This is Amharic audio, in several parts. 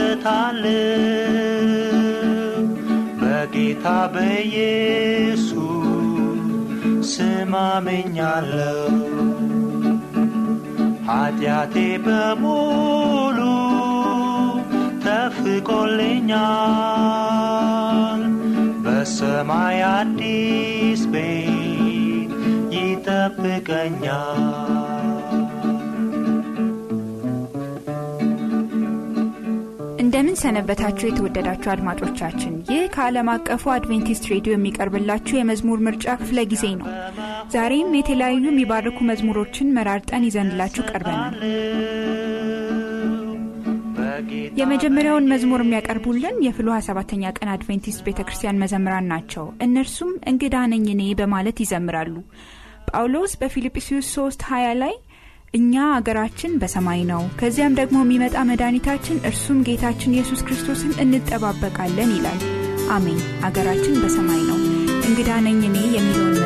እደሰታለሁ በጌታ በኢየሱስ ስም አምኛለሁ። ኃጢአቴ በሙሉ ተፍቆልኛል። በሰማይ አዲስ ቤት ይጠብቀኛል። ሰነበታችሁ የተወደዳችሁ አድማጮቻችን፣ ይህ ከዓለም አቀፉ አድቬንቲስት ሬዲዮ የሚቀርብላችሁ የመዝሙር ምርጫ ክፍለ ጊዜ ነው። ዛሬም የተለያዩ የሚባርኩ መዝሙሮችን መራርጠን ይዘንላችሁ ቀርበናል። የመጀመሪያውን መዝሙር የሚያቀርቡልን የፍልውሃ ሰባተኛ ቀን አድቬንቲስት ቤተ ክርስቲያን መዘምራን ናቸው። እነርሱም እንግዳ ነኝ እኔ በማለት ይዘምራሉ። ጳውሎስ በፊልጵስዩስ 3 20 ላይ እኛ አገራችን በሰማይ ነው፣ ከዚያም ደግሞ የሚመጣ መድኃኒታችን እርሱም ጌታችን ኢየሱስ ክርስቶስን እንጠባበቃለን ይላል። አሜን። አገራችን በሰማይ ነው። እንግዳ ነኝ እኔ የሚለውን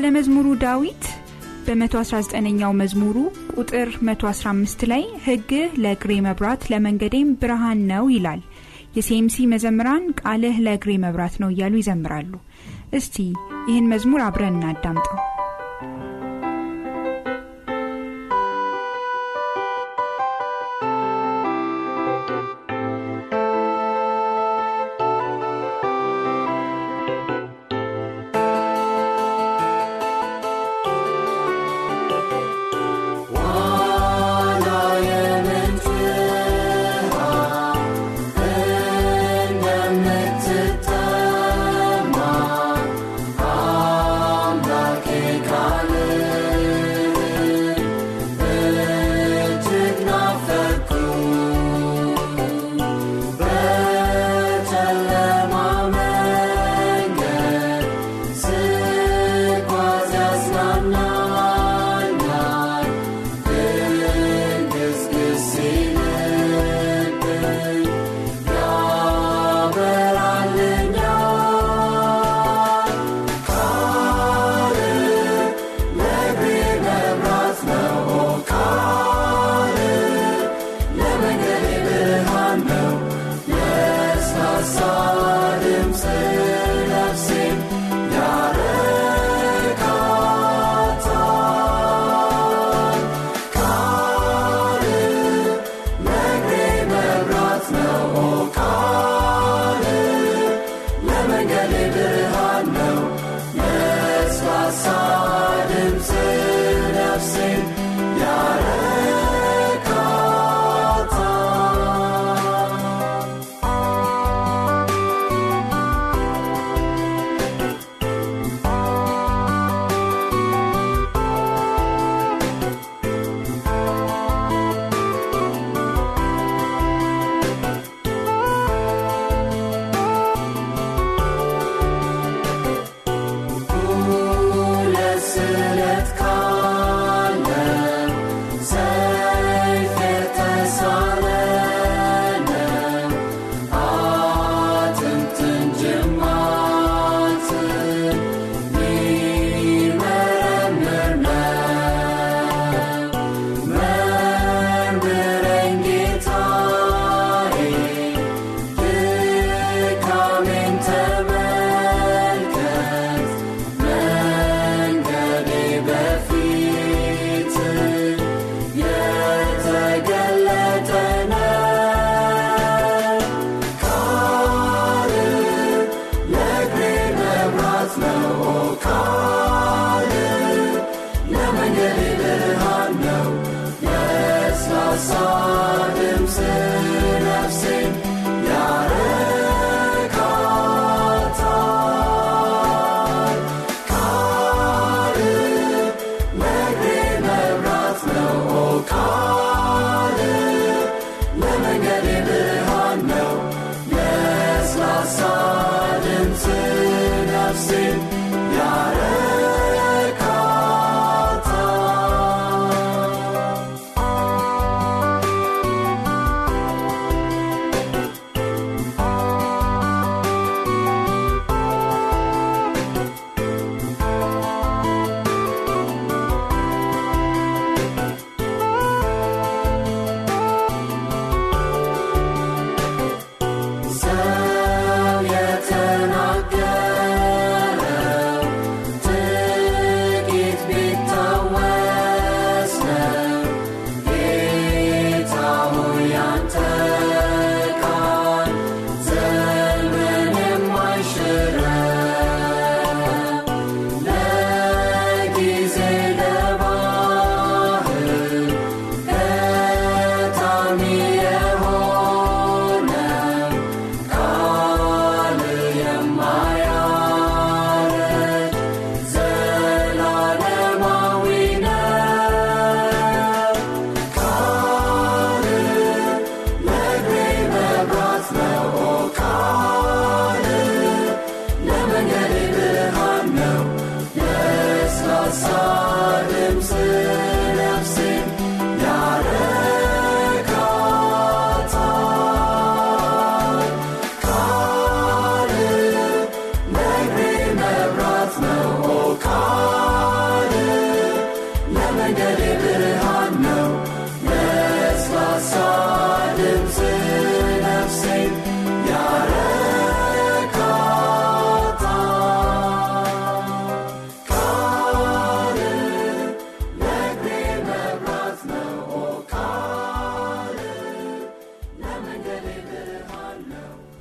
ባለመዝሙሩ ዳዊት በ119ኛው መዝሙሩ ቁጥር 115 ላይ ህግ ለእግሬ መብራት ለመንገዴም ብርሃን ነው ይላል። የሴምሲ መዘምራን ቃልህ ለእግሬ መብራት ነው እያሉ ይዘምራሉ። እስቲ ይህን መዝሙር አብረን እናዳምጠው።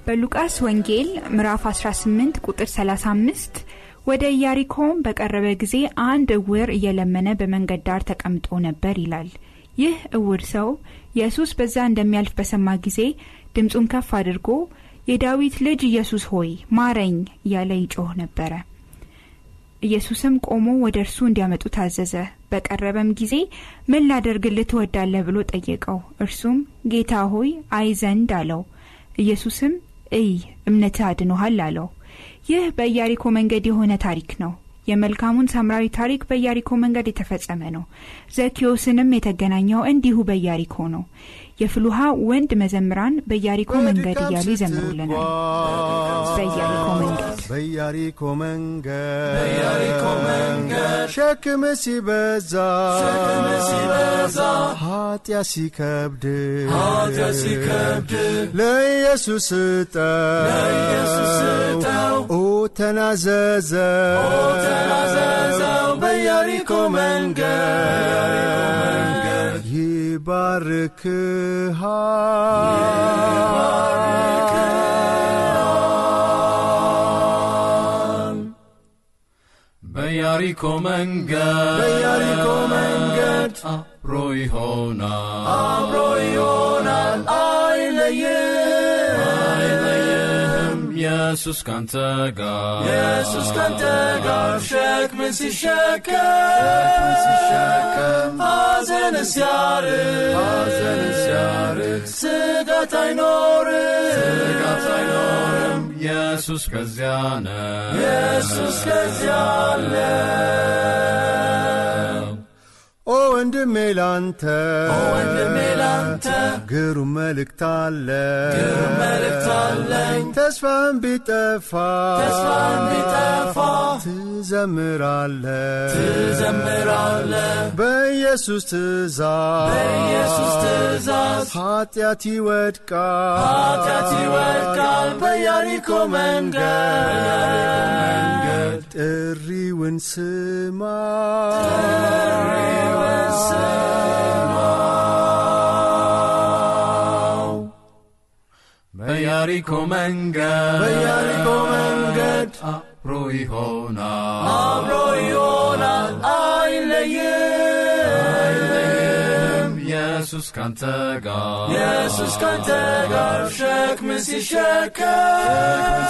በሉቃስ ወንጌል ምዕራፍ 18 ቁጥር 35 ወደ ኢያሪኮም በቀረበ ጊዜ አንድ እውር እየለመነ በመንገድ ዳር ተቀምጦ ነበር ይላል። ይህ እውር ሰው ኢየሱስ በዛ እንደሚያልፍ በሰማ ጊዜ ድምፁን ከፍ አድርጎ የዳዊት ልጅ ኢየሱስ ሆይ ማረኝ እያለ ይጮህ ነበረ። ኢየሱስም ቆሞ ወደ እርሱ እንዲያመጡ ታዘዘ። በቀረበም ጊዜ ምን ላደርግልህ ትወዳለህ ብሎ ጠየቀው። እርሱም ጌታ ሆይ አይ ዘንድ አለው። ኢየሱስም እይ እምነትህ አድኖሃል አለው። ይህ በኢያሪኮ መንገድ የሆነ ታሪክ ነው። የመልካሙን ሳምራዊ ታሪክ በኢያሪኮ መንገድ የተፈጸመ ነው። ዘኪዮስንም የተገናኘው እንዲሁ በኢያሪኮ ነው። የፍሉሃ ወንድ መዘምራን በያሪኮ መንገድ እያሉ ይዘምሩልናል። በኢያሪኮ መንገድ በኢያሪኮ ሸክም ሲበዛ ኃጢያ ሲከብድ ለኢየሱስ ጠው ተናዘዘ በኢያሪኮ መንገድ Barukh Bayari komenga Bayari komenga Roy hona Roy hona Ayle yeah. ኢየሱስ ካንተ ጋር ኢየሱስ ካንተ ጋር ሸክምን ሲሸከም ሐዘን ሲያርቅ ሐዘን ሲያርቅ ስጋት አይኖርም ስጋት አይኖርም ኢየሱስ ከዚያ ነው ኢየሱስ ከዚያ አለ ኦ ወንድሜ ላንተ ግሩም መልእክት አለኝ ተስፋን ቢጠፋ ትዘምራለ በኢየሱስ ትእዛዝ ኃጢአት ይወድቃል በያሪኮ መንገድ ጥሪውን ስማ Bayari komenge, bayari komenge, a roihona, a roihona, a ile yeah. ኢየሱስ ካንተ ጋር ኢየሱስ ካንተ ጋር ሸክም ሲሸከም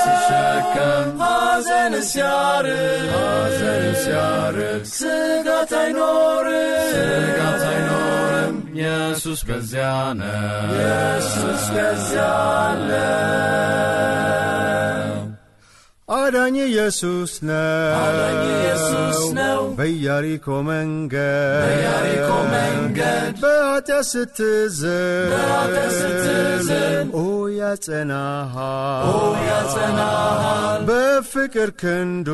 ሲሸከም ሐዘን ሲያርቅ ሐዘን ሲያርቅ ስጋት አይኖርም ስጋት አይኖርም ኢየሱስ በዚያ ነው ኢየሱስ በዚያ አለ አዳኝ ኢየሱስ ነው በያሪኮ መንገድ በአጢያ ስትዝን ኦ ያጸናሃል በፍቅር ክንዱ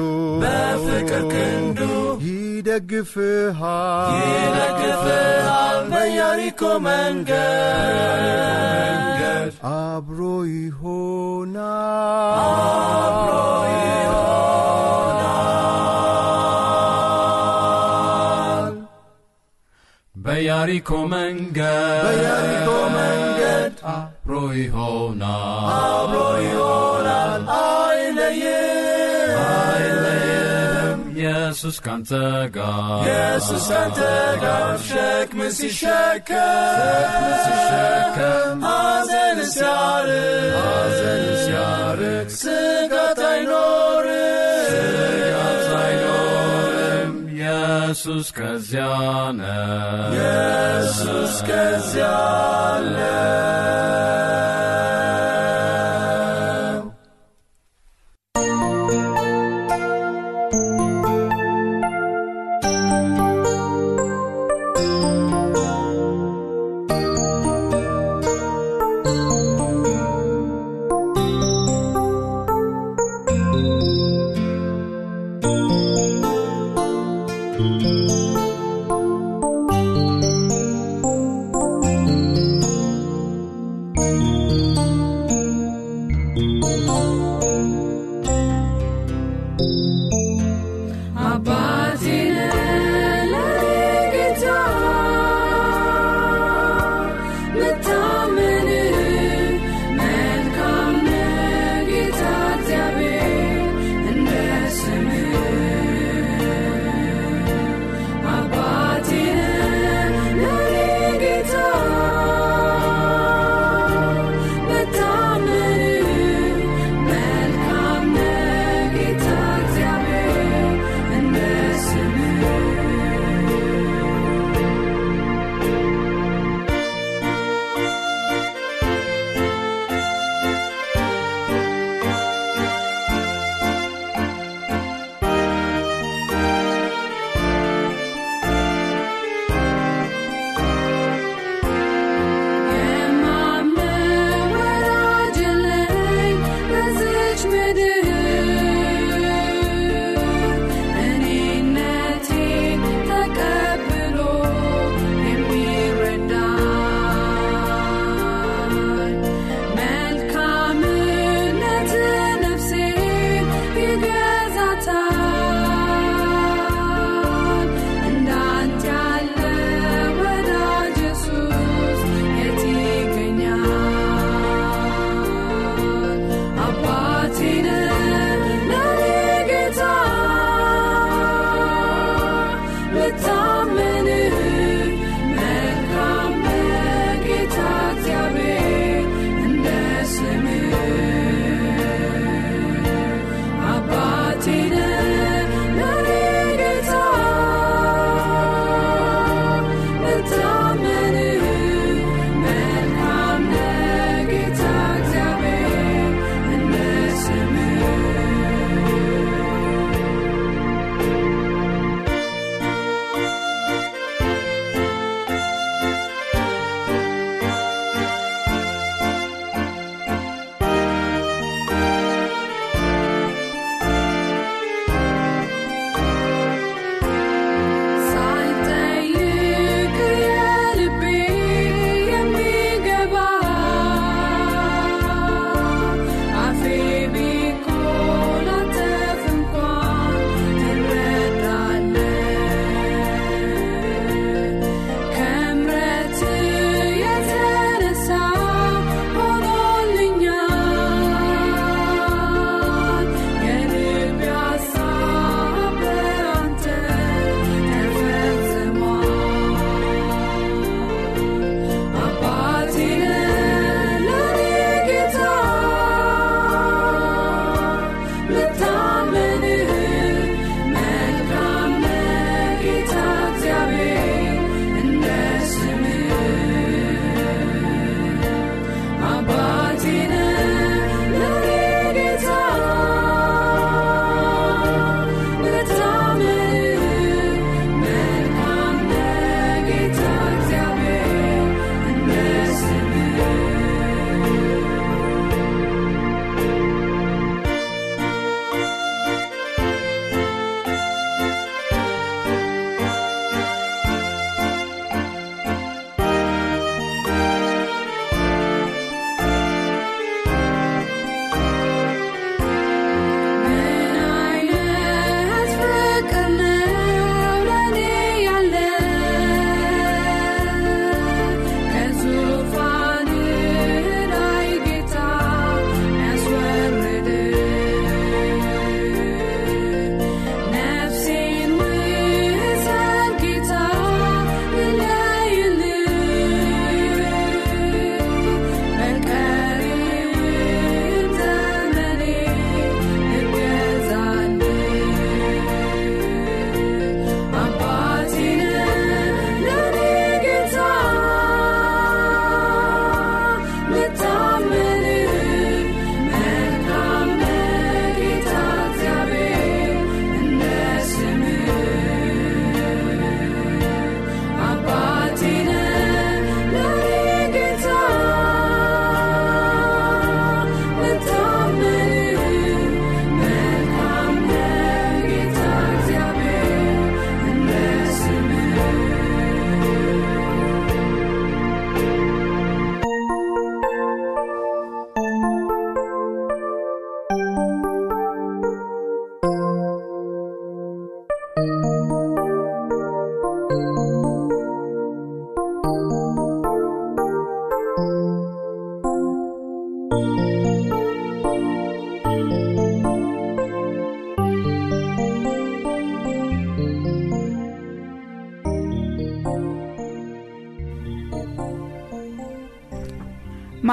ይደግፍሃል ይደግፍሃል በያሪኮ መንገድ አብሮ ይሆናል አብሮ ይሆናል በያሪኮ መንገድ በያሪኮ መንገድ አብሮ ይሆናል አብሮ ይሆናል ኢየሱስ ካንተ ጋር ኢየሱስ ካንተ ጋር ሸክም ሲሸከም ሐዘን ሲያርቅ ስጋት አይኖርም ኢየሱስ ከዚያ ነው ኢየሱስ ከዚያ ነው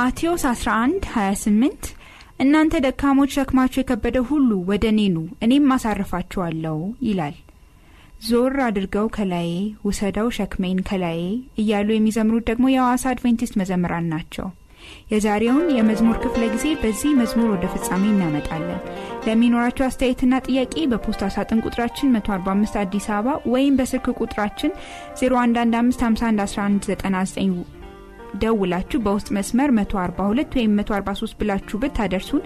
ማቴዎስ 11 28 እናንተ ደካሞች ሸክማችሁ የከበደ ሁሉ ወደ እኔኑ እኔም አሳርፋችኋለሁ ይላል። ዞር አድርገው ከላዬ ውሰደው ሸክሜን ከላዬ እያሉ የሚዘምሩት ደግሞ የሐዋሳ አድቬንቲስት መዘምራን ናቸው። የዛሬውን የመዝሙር ክፍለ ጊዜ በዚህ መዝሙር ወደ ፍጻሜ እናመጣለን። ለሚኖራቸው አስተያየትና ጥያቄ በፖስታ ሳጥን ቁጥራችን 145 አዲስ አበባ ወይም በስልክ ቁጥራችን 1199 ደውላችሁ በውስጥ መስመር 142 ወይም 143 ብላችሁ ብታደርሱን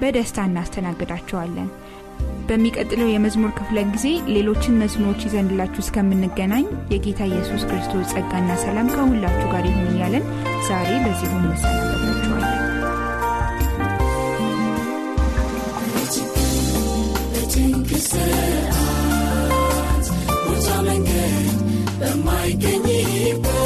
በደስታ እናስተናግዳቸዋለን። በሚቀጥለው የመዝሙር ክፍለ ጊዜ ሌሎችን መዝሙሮች ይዘንላችሁ እስከምንገናኝ የጌታ ኢየሱስ ክርስቶስ ጸጋና ሰላም ከሁላችሁ ጋር ይሁን እያለን ዛሬ በዚሁ እንሰናበታችኋለን። ሰዓት መንገድ በማይገኝበት